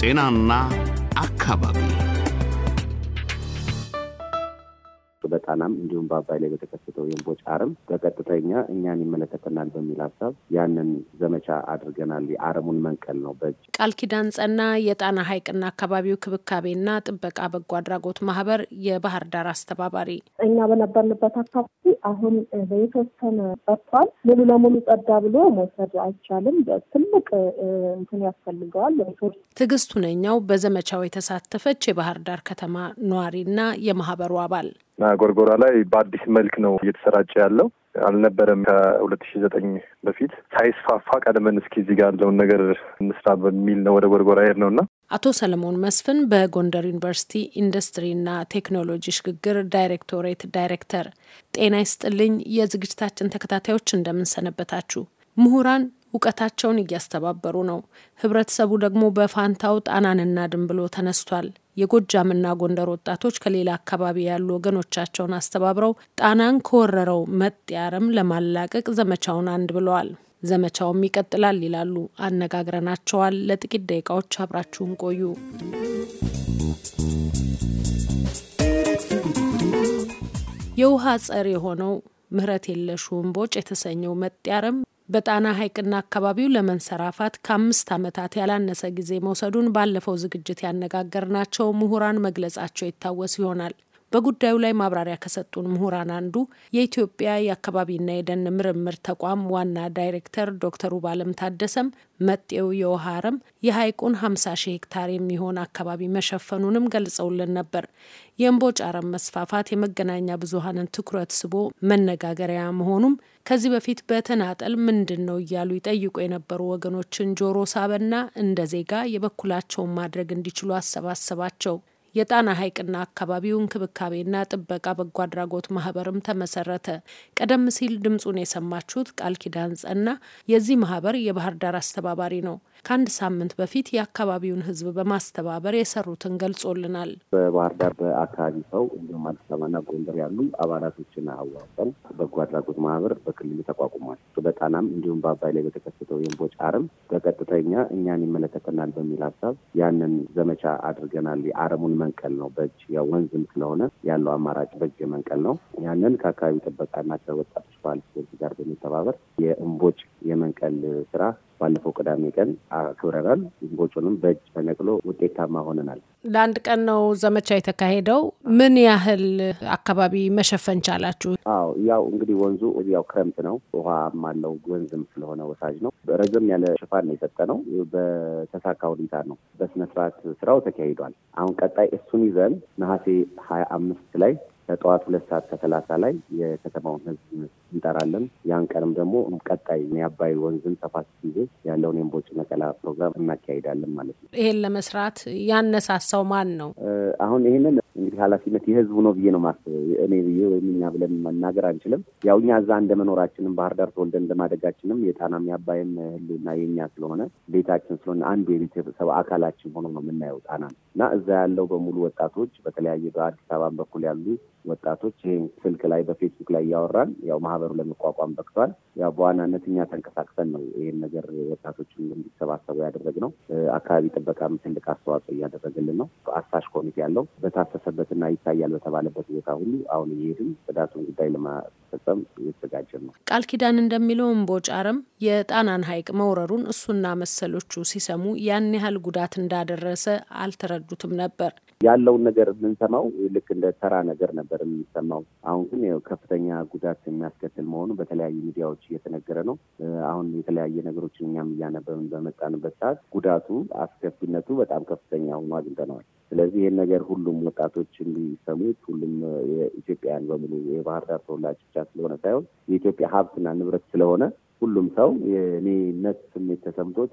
ጤናና አካባቢ ጣናም እንዲሁም በአባይ ላይ በተከሰተው የእምቦጭ አረም በቀጥተኛ እኛን ይመለከተናል በሚል ሀሳብ ያንን ዘመቻ አድርገናል። የአረሙን መንቀል ነው በእጅ ቃል ኪዳን ጸና የጣና ሐይቅና አካባቢው ክብካቤና ጥበቃ በጎ አድራጎት ማህበር የባህር ዳር አስተባባሪ እኛ በነበርንበት አካባቢ አሁን የተወሰነ ጠጥቷል። ሙሉ ለሙሉ ጸዳ ብሎ መውሰድ አይቻልም። ትልቅ እንትን ያስፈልገዋል። ትዕግስት ነኛው በዘመቻው የተሳተፈች የባህር ዳር ከተማ ነዋሪና የማህበሩ አባል እና ጎርጎራ ላይ በአዲስ መልክ ነው እየተሰራጨ ያለው አልነበረም። ከሁለት ሺ ዘጠኝ በፊት ሳይስፋፋ ቀድመን እስኪ እዚህ ጋር ያለውን ነገር እንስራ በሚል ነው ወደ ጎርጎራ ሄድ ነው እና አቶ ሰለሞን መስፍን በጎንደር ዩኒቨርሲቲ ኢንዱስትሪና ቴክኖሎጂ ሽግግር ዳይሬክቶሬት ዳይሬክተር። ጤና ይስጥልኝ የዝግጅታችን ተከታታዮች እንደምንሰነበታችሁ። ምሁራን እውቀታቸውን እያስተባበሩ ነው። ህብረተሰቡ ደግሞ በፋንታው ጣናንና ድንብሎ ተነስቷል። የጎጃምና ጎንደር ወጣቶች ከሌላ አካባቢ ያሉ ወገኖቻቸውን አስተባብረው ጣናን ከወረረው መጤ አረም ለማላቀቅ ዘመቻውን አንድ ብለዋል። ዘመቻውም ይቀጥላል ይላሉ። አነጋግረናቸዋል። ለጥቂት ደቂቃዎች አብራችሁን ቆዩ። የውሃ ጸር የሆነው ምህረት የለሹ እምቦጭ የተሰኘው መጤ አረም በጣና ሐይቅና አካባቢው ለመንሰራፋት ከአምስት ዓመታት ያላነሰ ጊዜ መውሰዱን ባለፈው ዝግጅት ያነጋገርናቸው ምሁራን መግለጻቸው ይታወስ ይሆናል። በጉዳዩ ላይ ማብራሪያ ከሰጡን ምሁራን አንዱ የኢትዮጵያ የአካባቢና የደን ምርምር ተቋም ዋና ዳይሬክተር ዶክተር ውባለም ታደሰም መጤው የውሃ አረም የሀይቁን 50 ሺህ ሄክታር የሚሆን አካባቢ መሸፈኑንም ገልጸውልን ነበር። የእምቦጭ አረም መስፋፋት የመገናኛ ብዙኃንን ትኩረት ስቦ መነጋገሪያ መሆኑም ከዚህ በፊት በተናጠል ምንድን ነው እያሉ ይጠይቁ የነበሩ ወገኖችን ጆሮ ሳበና እንደ ዜጋ የበኩላቸውን ማድረግ እንዲችሉ አሰባሰባቸው። የጣና ሐይቅና አካባቢው እንክብካቤና ጥበቃ በጎ አድራጎት ማህበርም ተመሰረተ። ቀደም ሲል ድምፁን የሰማችሁት ቃል ኪዳን ጸና የዚህ ማህበር የባህር ዳር አስተባባሪ ነው። ከአንድ ሳምንት በፊት የአካባቢውን ህዝብ በማስተባበር የሰሩትን ገልጾልናል። በባህር ዳር በአካባቢ ሰው እንዲሁም አዲስ አበባና ጎንደር ያሉ አባላቶችን አዋቀን በጎ አድራጎት ማህበር በክልሉ ተቋቁሟል። በጣናም እንዲሁም በአባይ ላይ በተከሰተው የእምቦጭ አረም በቀጥተኛ እኛን ይመለከተናል በሚል ሀሳብ ያንን ዘመቻ አድርገናል። የአረሙን መ መንቀል ነው። በእጅ ያው ወንዝም ስለሆነ ያለው አማራጭ በእጅ መንቀል ነው። ያንን ከአካባቢ ጥበቃና ከወጣቶች ባህል ጋር በመተባበር የእምቦጭ የመንቀል ስራ ባለፈው ቅዳሜ ቀን አክብረናል። ዝንቦቹንም በእጅ ተነቅሎ ውጤታማ ሆነናል። ለአንድ ቀን ነው ዘመቻ የተካሄደው። ምን ያህል አካባቢ መሸፈን ቻላችሁ? አዎ ያው እንግዲህ ወንዙ ያው ክረምት ነው፣ ውሃም አለው ወንዝም ስለሆነ ወሳጅ ነው። ረዘም ያለ ሽፋን ነው የሰጠነው። በተሳካ ሁኔታ ነው በስነስርዓት ስራው ተካሂዷል። አሁን ቀጣይ እሱን ይዘን ነሐሴ ሀያ አምስት ላይ ከጠዋት ሁለት ሰዓት ከሰላሳ ላይ የከተማውን ህዝብ እንጠራለን። ያን ቀንም ደግሞ ቀጣይ የአባይ ወንዝን ሰፋት ጊዜ ያለውን የእምቦጭ ነቀላ ፕሮግራም እናካሄዳለን ማለት ነው። ይሄን ለመስራት ያነሳሳው ማን ነው? አሁን ይህንን እንግዲህ ኃላፊነት የህዝቡ ነው ብዬ ነው ማስበው። እኔ ብዬ ወይም እኛ ብለን መናገር አንችልም። ያው እኛ እዛ እንደ መኖራችንም ባህር ዳር ተወልደን እንደማደጋችንም የጣናም የአባይም ህልና የኛ ስለሆነ ቤታችን ስለሆነ አንዱ የቤተሰብ አካላችን ሆኖ ነው የምናየው ጣና እና እዛ ያለው በሙሉ ወጣቶች በተለያየ በአዲስ አበባን በኩል ያሉ ወጣቶች ይህ ስልክ ላይ በፌስቡክ ላይ እያወራን ያው ማህበሩ ለመቋቋም በቅቷል። ያው በዋናነት እኛ ተንቀሳቅሰን ነው ይሄን ነገር ወጣቶችን እንዲሰባሰቡ ያደረግነው። አካባቢ ጥበቃም ትልቅ አስተዋጽኦ እያደረገልን ነው። አሳሽ ኮሚቴ ያለው በታፈሰ በደረሰበትና ይታያል በተባለበት ቦታ ሁሉ አሁን እየሄድም ጽዳቱን ጉዳይ ለማስፈጸም እየተዘጋጀ ነው። ቃል ኪዳን እንደሚለው እምቦጭ አረም የጣናን ሐይቅ መውረሩን እሱና መሰሎቹ ሲሰሙ ያን ያህል ጉዳት እንዳደረሰ አልተረዱትም ነበር። ያለውን ነገር የምንሰማው ልክ እንደ ተራ ነገር ነበር የምንሰማው። አሁን ግን ከፍተኛ ጉዳት የሚያስከትል መሆኑ በተለያዩ ሚዲያዎች እየተነገረ ነው። አሁን የተለያየ ነገሮችን እኛም እያነበብን በመጣንበት ሰዓት ጉዳቱ አስከፊነቱ በጣም ከፍተኛ ሆኖ አግኝተነዋል። ስለዚህ ይህን ነገር ሁሉም ወጣቶች እንዲሰሙት ሁሉም የኢትዮጵያውያን በሙሉ የባህር ዳር ተወላጅ ብቻ ስለሆነ ሳይሆን የኢትዮጵያ ሀብትና ንብረት ስለሆነ ሁሉም ሰው የኔነት ስሜት ተሰምቶት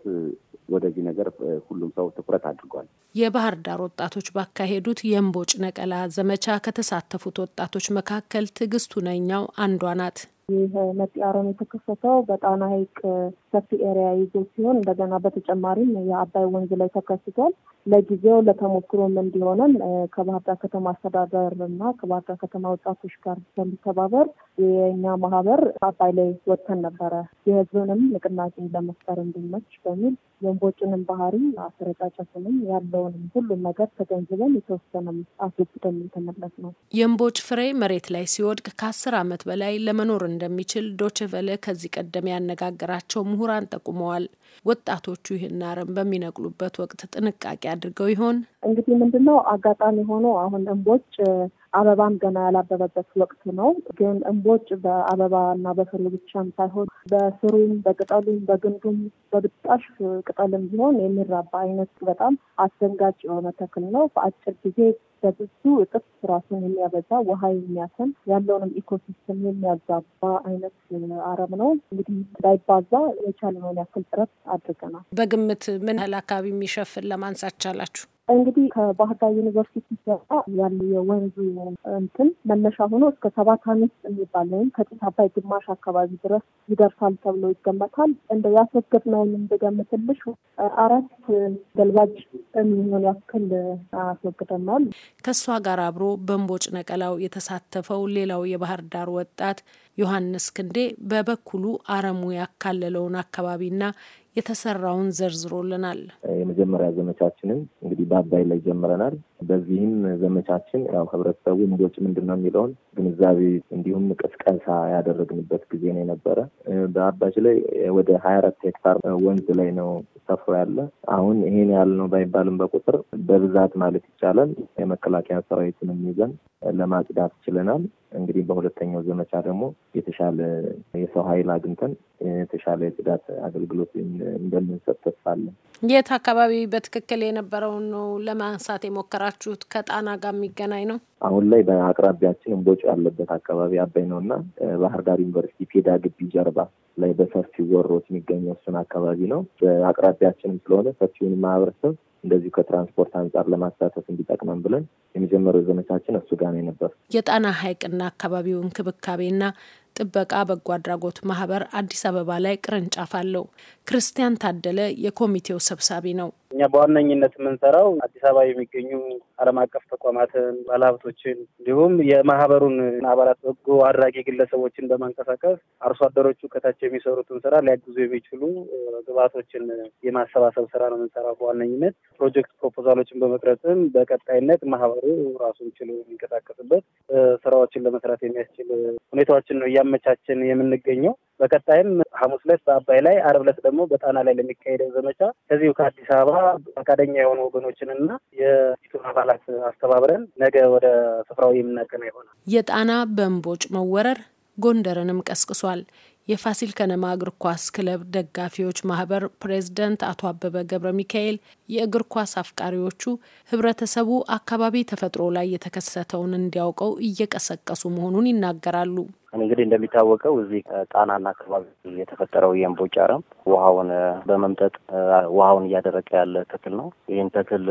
ወደዚህ ነገር ሁሉም ሰው ትኩረት አድርጓል። የባህር ዳር ወጣቶች ባካሄዱት የእምቦጭ ነቀላ ዘመቻ ከተሳተፉት ወጣቶች መካከል ትዕግስቱ ነኛው አንዷ ናት። ይህ መጤ አረም የተከሰተው በጣና ሐይቅ ሰፊ ኤሪያ ይዞ ሲሆን እንደገና በተጨማሪም የአባይ ወንዝ ላይ ተከስቷል። ለጊዜው ለተሞክሮም እንዲሆነን ከባህር ዳር ከተማ አስተዳደር እና ከባህር ዳር ከተማ ወጣቶች ጋር በሚተባበር የእኛ ማህበር አባይ ላይ ወጥተን ነበረ የህዝብንም ንቅናቄ ለመፍጠር እንዲመች በሚል የእንቦጭንም ባህሪ አስረጫጨትንም ያለውንም ሁሉም ነገር ተገንዝበን የተወሰነም አስወግደን የተመለስ ነው። የእንቦጭ ፍሬ መሬት ላይ ሲወድቅ ከአስር ዓመት በላይ ለመኖር እንደሚችል ዶችቨለ ከዚህ ቀደም ያነጋገራቸው ምሁራን ጠቁመዋል። ወጣቶቹ ይህን አረም በሚነቅሉበት ወቅት ጥንቃቄ አድርገው ይሆን? እንግዲህ ምንድነው አጋጣሚ ሆኖ አሁን እንቦጭ አበባም ገና ያላበበበት ወቅት ነው። ግን እምቦጭ በአበባ እና በፍሬ ብቻም ሳይሆን በስሩም፣ በቅጠሉም፣ በግንዱም በብጣሽ ቅጠልም ቢሆን የሚራባ አይነት በጣም አስደንጋጭ የሆነ ተክል ነው። በአጭር ጊዜ በብዙ እጥፍ ራሱን የሚያበዛ ውሃ የሚያሰን ያለውንም ኢኮሲስተም የሚያዛባ አይነት አረም ነው። እንግዲህ እንዳይባዛ የቻለውን ያክል ጥረት አድርገናል። በግምት ምን ያህል አካባቢ የሚሸፍን ለማንሳት ቻላችሁ? እንግዲህ ከባህር ዳር ዩኒቨርሲቲ ሲወጣ ያሉ የወንዙ እንትን መነሻ ሆኖ እስከ ሰባት አምስት የሚባል ወይም ከጢስ አባይ ግማሽ አካባቢ ድረስ ይደርሳል ተብሎ ይገመታል። እንደ ያስወገድነውን እንደገምትልሽ አራት ገልባጭ የሚሆን ያክል አስወግደናል። ከእሷ ጋር አብሮ በንቦጭ ነቀላው የተሳተፈው ሌላው የባህር ዳር ወጣት ዮሐንስ ክንዴ በበኩሉ አረሙ ያካለለውን አካባቢና የተሰራውን ዘርዝሮልናል። የመጀመሪያ ስራችንን እንግዲህ በአባይ ላይ ጀምረናል። በዚህም ዘመቻችን ያው ህብረተሰቡ ንቦች ምንድን ነው የሚለውን ግንዛቤ እንዲሁም ቅስቀሳ ያደረግንበት ጊዜ ነው የነበረ። በአባች ላይ ወደ ሀያ አራት ሄክታር ወንዝ ላይ ነው ሰፍሮ ያለ። አሁን ይሄን ያህል ነው ባይባልም በቁጥር በብዛት ማለት ይቻላል የመከላከያ ሰራዊትንም ይዘን ለማጽዳት ችለናል። እንግዲህ በሁለተኛው ዘመቻ ደግሞ የተሻለ የሰው ኃይል አግኝተን የተሻለ የጽዳት አገልግሎት እንደምንሰጥ ተስፋለን። የት አካባቢ በትክክል የነበረውን ነው ለማንሳት የሞከራ ያላችሁት? ከጣና ጋር የሚገናኝ ነው። አሁን ላይ በአቅራቢያችን እንቦጭ ያለበት አካባቢ አባይ ነው እና ባህር ዳር ዩኒቨርሲቲ ፔዳ ግቢ ጀርባ ላይ በሰፊው ወሮት የሚገኘው እሱን አካባቢ ነው። በአቅራቢያችንም ስለሆነ ሰፊውን ማህበረሰብ እንደዚሁ ከትራንስፖርት አንጻር ለማሳተፍ እንዲጠቅመን ብለን የመጀመሪያው ዘመቻችን እሱ ጋር ነው የነበር። የጣና ሐይቅና አካባቢው እንክብካቤና ጥበቃ በጎ አድራጎት ማህበር አዲስ አበባ ላይ ቅርንጫፍ አለው። ክርስቲያን ታደለ የኮሚቴው ሰብሳቢ ነው። እኛ በዋነኝነት የምንሰራው አዲስ አበባ የሚገኙ ዓለም አቀፍ ተቋማትን፣ ባለሀብቶችን እንዲሁም የማህበሩን አባላት በጎ አድራጊ ግለሰቦችን በማንቀሳቀስ አርሶ አደሮቹ ከታች የሚሰሩትን ስራ ሊያግዙ የሚችሉ ግብዓቶችን የማሰባሰብ ስራ ነው የምንሰራው በዋነኝነት። ፕሮጀክት ፕሮፖዛሎችን በመቅረጽም በቀጣይነት ማህበሩ ራሱን ችሎ የሚንቀሳቀስበት ስራዎችን ለመስራት የሚያስችል ሁኔታዎችን ነው እያመቻችን የምንገኘው። በቀጣይም ሐሙስ ዕለት በአባይ ላይ አርብ ዕለት ደግሞ በጣና ላይ ለሚካሄደው ዘመቻ ከዚሁ ከአዲስ አበባ ፈቃደኛ የሆኑ ወገኖችንና የፊቱን አባላት አስተባብረን ነገ ወደ ስፍራው የምናቀና ይሆናል። የጣና በእምቦጭ መወረር ጎንደርንም ቀስቅሷል። የፋሲል ከነማ እግር ኳስ ክለብ ደጋፊዎች ማህበር ፕሬዝዳንት አቶ አበበ ገብረ ሚካኤል የእግር ኳስ አፍቃሪዎቹ ህብረተሰቡ አካባቢ ተፈጥሮ ላይ የተከሰተውን እንዲያውቀው እየቀሰቀሱ መሆኑን ይናገራሉ። እንግዲህ እንደሚታወቀው እዚህ ጣናና አካባቢ የተፈጠረው የእምቦጭ አረም ውሃውን በመምጠጥ ውሃውን እያደረቀ ያለ ተክል ነው። ይህን ተክል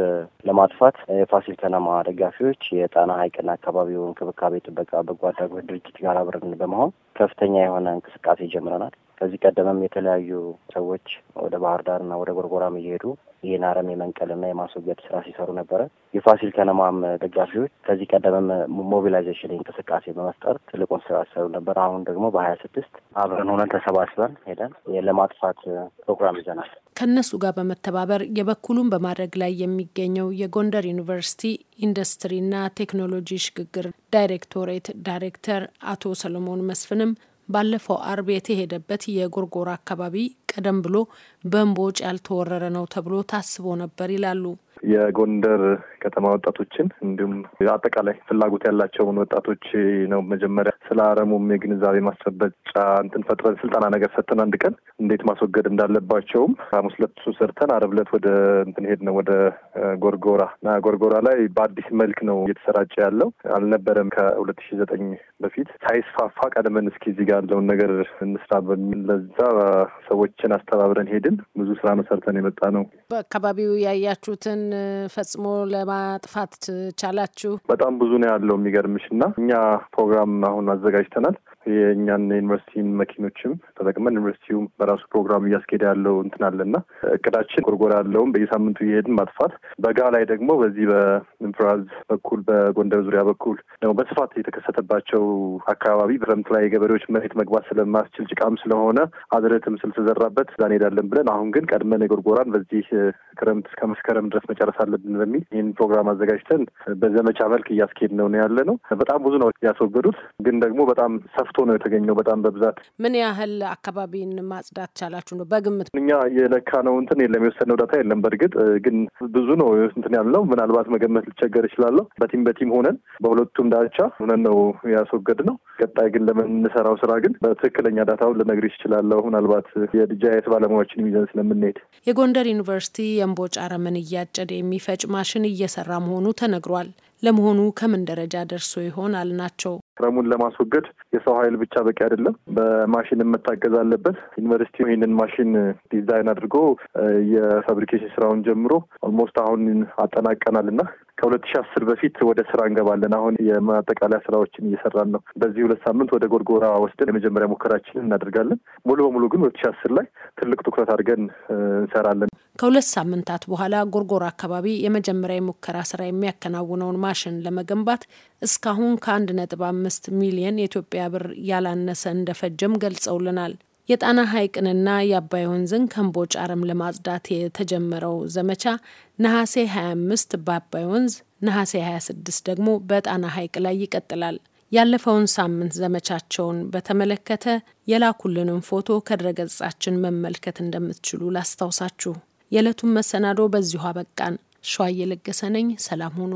ለማጥፋት የፋሲል ከነማ ደጋፊዎች የጣና ሐይቅና አካባቢው እንክብካቤ ጥበቃ በጎ አድራጎት ድርጅት ጋር አብረን በመሆን ከፍተኛ የሆነ እንቅስቃሴ ጀምረናል። ከዚህ ቀደምም የተለያዩ ሰዎች ወደ ባህር ዳርና ወደ ጎርጎራም እየሄዱ ይህን አረም የመንቀልና የማስወገድ ስራ ሲሰሩ ነበረ። የፋሲል ከነማም ደጋፊዎች ከዚህ ቀደምም ሞቢላይዜሽን እንቅስቃሴ በመፍጠር ትልቁን ስራ ሲሰሩ ነበር። አሁን ደግሞ በሀያ ስድስት አብረን ሆነን ተሰባስበን ሄደን ለማጥፋት ፕሮግራም ይዘናል። ከእነሱ ጋር በመተባበር የበኩሉን በማድረግ ላይ የሚገኘው የጎንደር ዩኒቨርሲቲ ኢንዱስትሪና ቴክኖሎጂ ሽግግር ዳይሬክቶሬት ዳይሬክተር አቶ ሰሎሞን መስፍንም ባለፈው አርብ የተሄደበት የጎርጎራ አካባቢ ቀደም ብሎ በእምቦጭ ያልተወረረ ነው ተብሎ ታስቦ ነበር ይላሉ። የጎንደር ከተማ ወጣቶችን እንዲሁም አጠቃላይ ፍላጎት ያላቸውን ወጣቶች ነው መጀመሪያ ስለ አረሙም የግንዛቤ ማስጨበጫ እንትን ፈጥረን ስልጠና ነገር ሰጥተን አንድ ቀን እንዴት ማስወገድ እንዳለባቸውም ሐሙስ ዕለት እሱ ሰርተን ዓርብ ዕለት ወደ እንትን ሄድ ነው ወደ ጎርጎራ እና ጎርጎራ ላይ በአዲስ መልክ ነው እየተሰራጨ ያለው አልነበረም። ከሁለት ሺ ዘጠኝ በፊት ሳይስፋፋ ቀደመን እስኪ እዚህ ጋር ያለውን ነገር እንስራ በሚል ለዛ ሰዎች ስራዎችን አስተባብረን ሄድን። ብዙ ስራ መሰርተን የመጣ ነው። በአካባቢው ያያችሁትን ፈጽሞ ለማጥፋት ቻላችሁ? በጣም ብዙ ነው ያለው የሚገርምሽ እና እኛ ፕሮግራም አሁን አዘጋጅተናል። የእኛን የዩኒቨርሲቲን መኪኖችም ተጠቅመን ዩኒቨርሲቲው በራሱ ፕሮግራም እያስኬደ ያለው እንትን አለና እቅዳችን ጎርጎራ ያለውን በየሳምንቱ እየሄድን ማጥፋት፣ በጋ ላይ ደግሞ በዚህ በኢንፍራዝ በኩል በጎንደር ዙሪያ በኩል ደግሞ በስፋት የተከሰተባቸው አካባቢ በክረምት ላይ የገበሬዎች መሬት መግባት ስለማስችል ጭቃም ስለሆነ አዝርዕትም ስልተዘራበት እዛ እንሄዳለን ብለን አሁን ግን ቀድመን የጎርጎራን በዚህ ክረምት እስከ መስከረም ድረስ መጨረስ አለብን በሚል ይህን ፕሮግራም አዘጋጅተን በዘመቻ መልክ እያስኬድ ነው ያለ ነው። በጣም ብዙ ነው ያስወገዱት፣ ግን ደግሞ በጣም ሰፍ ጠፍቶ ነው የተገኘው በጣም በብዛት። ምን ያህል አካባቢን ማጽዳት ቻላችሁ ነው በግምት? እኛ የለካ ነው እንትን የለም የወሰነው ዳታ የለም። በእርግጥ ግን ብዙ ነው እንትን ያለው ምናልባት መገመት ልቸገር ይችላለሁ። በቲም በቲም ሆነን በሁለቱም ዳርቻ ሆነን ነው ያስወገድ ነው። ቀጣይ ግን ለምንሰራው ስራ ግን በትክክለኛ ዳታውን ልነግርሽ ይችላለሁ። ምናልባት የድጃየት ባለሙያዎችን ይዘን ስለምንሄድ የጎንደር ዩኒቨርሲቲ የእምቦጭ አረምን እያጨደ የሚፈጭ ማሽን እየሰራ መሆኑ ተነግሯል። ለመሆኑ ከምን ደረጃ ደርሶ ይሆን አልናቸው። ክረሙን ለማስወገድ የሰው ኃይል ብቻ በቂ አይደለም። በማሽንም መታገዝ አለበት። ዩኒቨርሲቲ ይህንን ማሽን ዲዛይን አድርጎ የፋብሪኬሽን ስራውን ጀምሮ ኦልሞስት አሁን አጠናቀናል እና ከሁለት ሺ አስር በፊት ወደ ስራ እንገባለን። አሁን የማጠቃለያ ስራዎችን እየሰራን ነው። በዚህ ሁለት ሳምንት ወደ ጎርጎራ ወስደን የመጀመሪያ ሙከራችንን እናደርጋለን። ሙሉ በሙሉ ግን ሁለት ሺ አስር ላይ ትልቅ ትኩረት አድርገን እንሰራለን። ከሁለት ሳምንታት በኋላ ጎርጎር አካባቢ የመጀመሪያ የሙከራ ስራ የሚያከናውነውን ማሽን ለመገንባት እስካሁን ከአንድ ነጥብ አምስት ሚሊየን የኢትዮጵያ ብር ያላነሰ እንደፈጀም ገልጸውልናል። የጣና ሐይቅንና የአባይ ወንዝን ከእምቦጭ አረም ለማጽዳት የተጀመረው ዘመቻ ነሐሴ 25 በአባይ ወንዝ፣ ነሐሴ 26 ደግሞ በጣና ሐይቅ ላይ ይቀጥላል። ያለፈውን ሳምንት ዘመቻቸውን በተመለከተ የላኩልንን ፎቶ ከድረገጻችን መመልከት እንደምትችሉ ላስታውሳችሁ። የዕለቱን መሰናዶ በዚሁ አበቃን። ሸዋ እየለገሰ ነኝ። ሰላም ሁኑ።